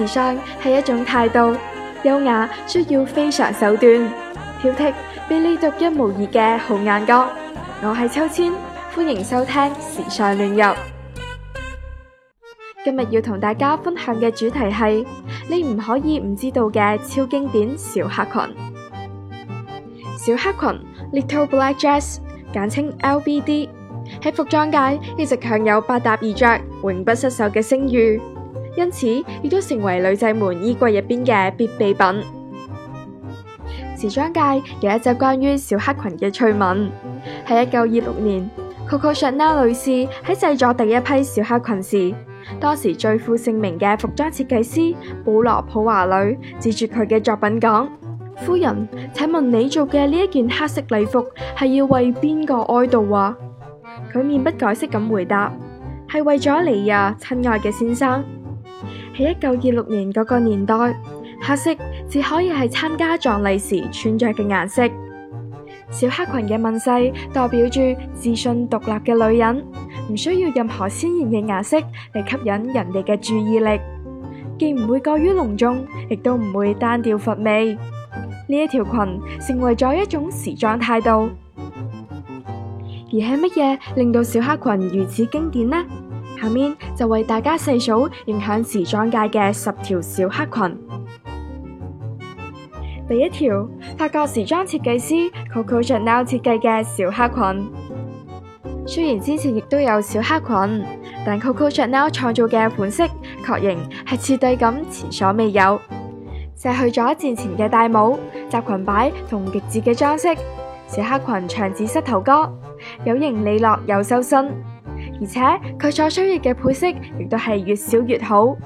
時尚係一種態度，優雅需要非常手段，挑剔俾你獨一無二嘅好眼光。我係秋千，歡迎收聽時尚亂入。今日要同大家分享嘅主題係你唔可以唔知道嘅超經典小黑裙。小黑裙 （Little Black Dress），簡稱 LBD，喺服裝界一直享有百搭易著、永不失手嘅聲譽。因此，亦都成為女仔們衣櫃入邊嘅必備品。時裝界有一則關於小黑裙嘅趣聞，喺一九二六年，Coco Chanel 女士喺製作第一批小黑裙時，當時最富盛名嘅服裝設計師保羅普華里指住佢嘅作品講：夫人，請問你做嘅呢一件黑色禮服係要為邊個哀悼啊？佢面不改色咁回答：係為咗你呀，親愛嘅先生。喺一九二六年嗰個年代，黑色只可以係參加葬禮時穿着嘅顏色。小黑裙嘅問世，代表住自信獨立嘅女人，唔需要任何鮮艷嘅顏色嚟吸引人哋嘅注意力，既唔會過於隆重，亦都唔會單調乏味。呢一條裙成為咗一種時裝態度。而係乜嘢令到小黑裙如此經典呢？下面就為大家細數影響時裝界嘅十條小黑裙。第一條，法國時裝設計師 Coco Chanel 設計嘅小黑裙。雖然之前亦都有小黑裙，但 Coco Chanel 創造嘅款式，確認係徹底咁前所未有。卸去咗戰前嘅大帽、集裙擺同極致嘅裝飾，小黑裙長至膝頭哥，有型利落又修身。而且佢所需要嘅配飾亦都係越少越好。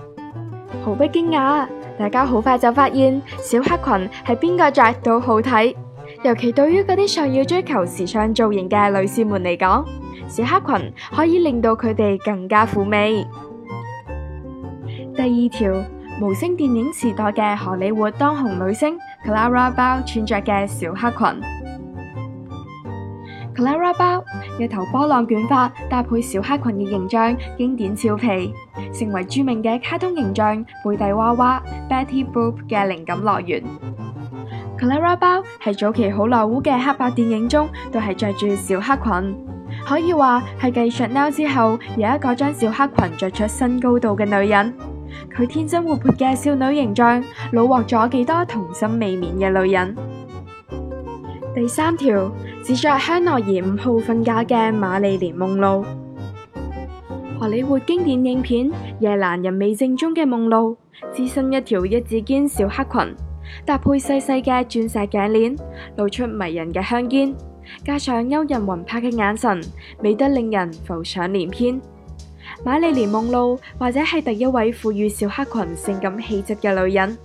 毫不驚訝，大家好快就發現小黑裙係邊個着都好睇。尤其對於嗰啲想要追求時尚造型嘅女士們嚟講，小黑裙可以令到佢哋更加嫵媚。第二條，無聲電影時代嘅荷里活當紅女星 Clara Bow 穿着嘅小黑裙。Clara Bow 一頭波浪捲髮，搭配小黑裙嘅形象，經典俏皮，成為著名嘅卡通形象貝蒂娃娃 Betty Boop 嘅靈感來源。Clara Bow 係早期好萊塢嘅黑白電影中都係着住小黑裙，可以話係繼 Chanel 之後，有一個將小黑裙着出新高度嘅女人。佢天真活潑嘅少女形象，虜獲咗幾多童心未泯嘅女人。第三條。住在香奈兒五號瞓覺嘅瑪麗蓮夢露，荷里活經典影片《夜闌人未正》中嘅夢露，置身一條一字肩小黑裙，搭配細細嘅鑽石頸鏈，露出迷人嘅香肩，加上勾人魂魄嘅眼神，美得令人浮想聯翩。瑪麗蓮夢露或者係第一位賦予小黑裙性感氣質嘅女人。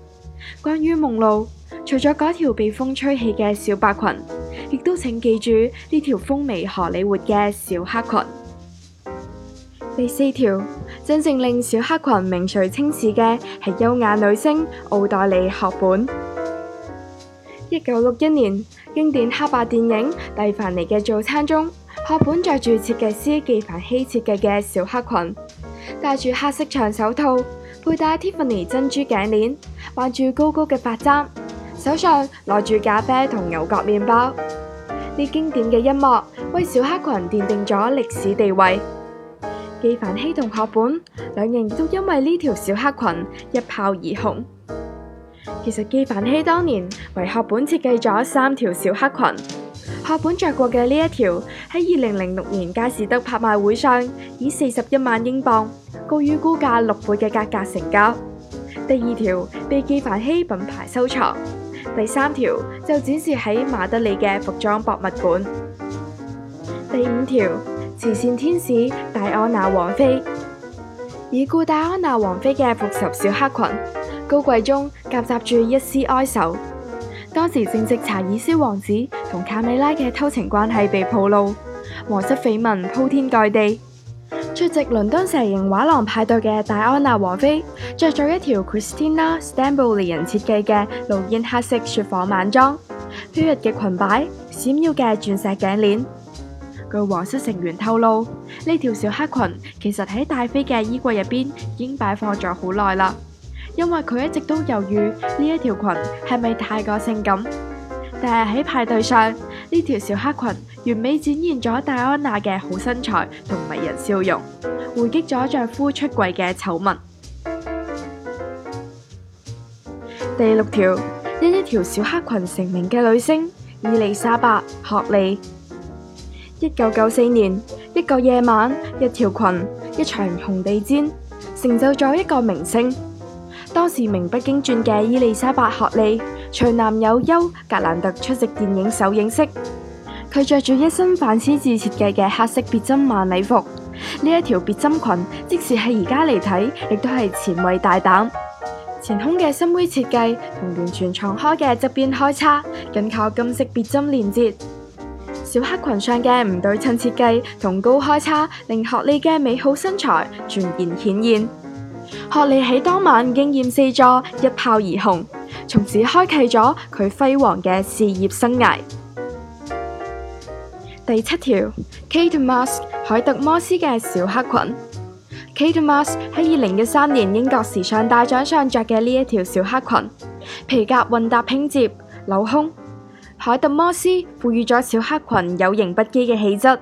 關於夢露，除咗嗰條被風吹起嘅小白裙。亦都請記住呢條風靡荷里活嘅小黑裙。第四條真正令小黑裙名垂青史嘅係優雅女星奧黛麗·赫本。一九六一年經典黑白電影《蒂凡尼嘅早餐》中，赫本着住設計師紀梵希設計嘅小黑裙，戴住黑色長手套，佩戴 Tiffany 珍珠頸鏈，挽住高高嘅髮簪，手上攞住咖啡同牛角麵包。啲經典嘅音樂，為小黑裙奠定咗歷史地位。紀梵希同赫本，兩人都因為呢條小黑裙一炮而紅。其實紀梵希當年為赫本設計咗三條小黑裙，赫本着過嘅呢一條喺二零零六年佳士得拍賣會上，以四十一萬英鎊高於估價六倍嘅價格成交。第二條被紀梵希品牌收藏。第三條就展示喺馬德里嘅服裝博物館。第五條，慈善天使戴安娜王妃，已故戴安娜王妃嘅復仇小黑裙，高貴中夾雜住一絲哀愁。當時正值查爾斯王子同卡米拉嘅偷情關係被暴露，皇室緋聞鋪天蓋地。出席倫敦蛇形畫廊派對嘅戴安娜王妃，着咗一條 Christina Stambolian 設計嘅露肩黑色雪紡晚裝，飄逸嘅裙擺，閃耀嘅鑽石頸鏈。據王室成員透露，呢條小黑裙其實喺戴妃嘅衣櫃入邊已經擺放咗好耐啦，因為佢一直都猶豫呢一條裙係咪太過性感，但係喺派對上。呢條小黑裙完美展現咗戴安娜嘅好身材同迷人笑容，回擊咗丈夫出軌嘅醜聞。第六條，因一條小黑裙成名嘅女星，伊麗莎白·赫利。一九九四年，一個夜晚，一條裙，一場紅地毯，成就咗一個明星。當時名不經傳嘅伊麗莎白·赫利。隨男友休格蘭特出席電影首映式，佢着住一身范思哲設計嘅黑色別針晚禮服，呢一條別針裙，即使喺而家嚟睇，亦都係前衛大膽。前胸嘅深 V 設計同完全敞開嘅側邊開叉，僅靠金色別針連接。小黑裙上嘅唔對稱設計同高開叉，令荷莉嘅美好身材全然顯現。荷莉喺當晚驚艷四座，一炮而紅。從此開啟咗佢輝煌嘅事業生涯。第七條，Kate Moss 凱特摩斯嘅小黑裙，Kate Moss 喺二零一三年英國時尚大獎上着嘅呢一條小黑裙，皮革混搭拼接，鏤空，凱特摩斯賦予咗小黑裙有型不羈嘅氣質，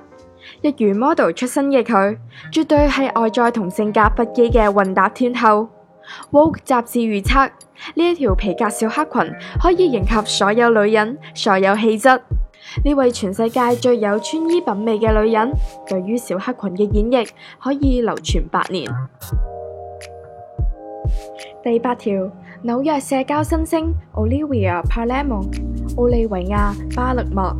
一如 model 出身嘅佢，絕對係外在同性格不羈嘅混搭天后。Woke 雜誌預測，呢條皮革小黑裙可以迎合所有女人所有氣質。呢位全世界最有穿衣品味嘅女人，對於小黑裙嘅演繹可以流傳百年。第八條，紐約社交新星 Olivia Palermo，奧利維亞巴勒莫。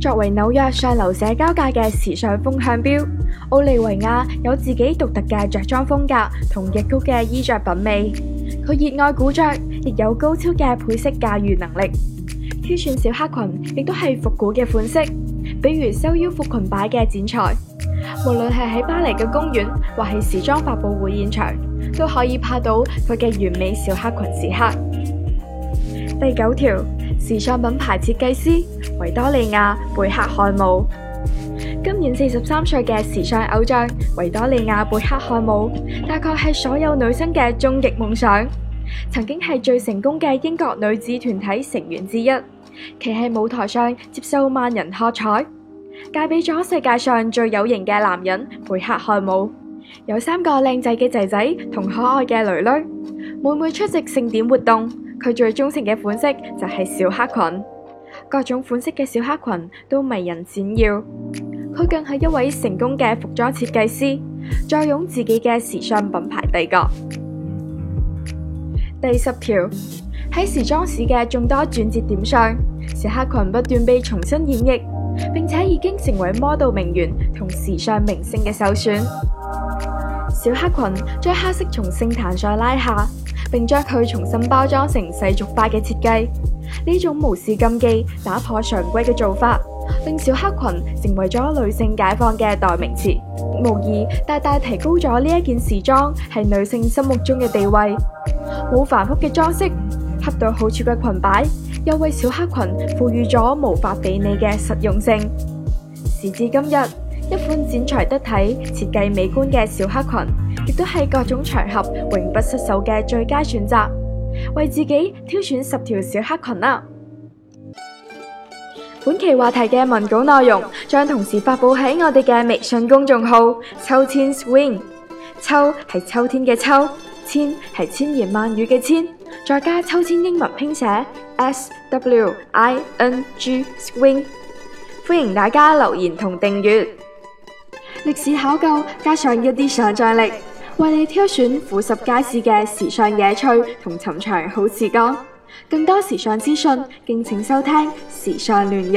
作為紐約上流社交界嘅時尚風向標，奧利維亞有自己獨特嘅着裝風格同極高嘅衣着品味。佢熱愛古着，亦有高超嘅配飾駕馭能力。挑選小黑裙亦都係復古嘅款式，比如收腰闊裙擺嘅剪裁。無論係喺巴黎嘅公園或係時裝發佈會現場，都可以拍到佢嘅完美小黑裙時刻。第九條。時尚品牌設計師維多利亞貝克漢姆，今年四十三歲嘅時尚偶像維多利亞貝克漢姆，大概係所有女生嘅終極夢想。曾經係最成功嘅英國女子團體成員之一，佢喺舞台上接受萬人喝彩，嫁俾咗世界上最有型嘅男人貝克漢姆，有三個靚仔嘅仔仔同可愛嘅囡囡，每每出席盛典活動。佢最鍾情嘅款式就係小黑裙，各種款式嘅小黑裙都迷人閃耀。佢更係一位成功嘅服裝設計師，再擁自己嘅時尚品牌帝國。第十條喺時裝史嘅眾多轉折點上，小黑裙不斷被重新演繹，並且已經成為 model 名媛同時尚明星嘅首選。小黑裙將黑色從聖壇上拉下。並將佢重新包裝成世俗化嘅設計，呢種無視禁忌、打破常規嘅做法，令小黑裙成為咗女性解放嘅代名詞，無疑大大提高咗呢一件時裝喺女性心目中嘅地位。冇繁複嘅裝飾，恰到好處嘅裙擺，又為小黑裙賦予咗無法比擬嘅實用性。時至今日，一款剪裁得體、設計美觀嘅小黑裙，亦都係各種場合永不失手嘅最佳選擇，為自己挑選十條小黑裙啦。本期話題嘅文稿內容將同時發布喺我哋嘅微信公眾號“秋千 swing”。秋係秋天嘅秋，千係千言萬語嘅千，再加秋千英文拼寫 s w i n g swing，歡迎大家留言同訂閱。歷史考究加上一啲想象力。為你挑選俯拾皆是的時尚野趣和尋常好時光，更多時尚資訊，敬請收聽《時尚亂入》。